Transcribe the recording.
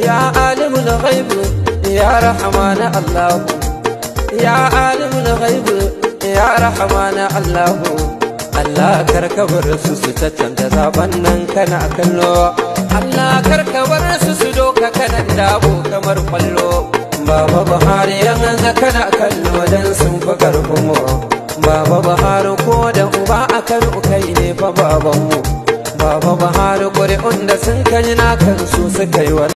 ya alimul ghaib ya rahman Allahu. ya alimul ghaib ya rahman allah Allah karka bar su su tattanta zaben nan kana kallo Allah karka bar su su doka kanan dabo kamar kwallo Baba Buhari ga kana kallo dan sun fi karfin mu Baba Buhari ko da uba a kan kai ne fa babanmu Baba Buhari ƙuri'un da sun kai na kan su suka yi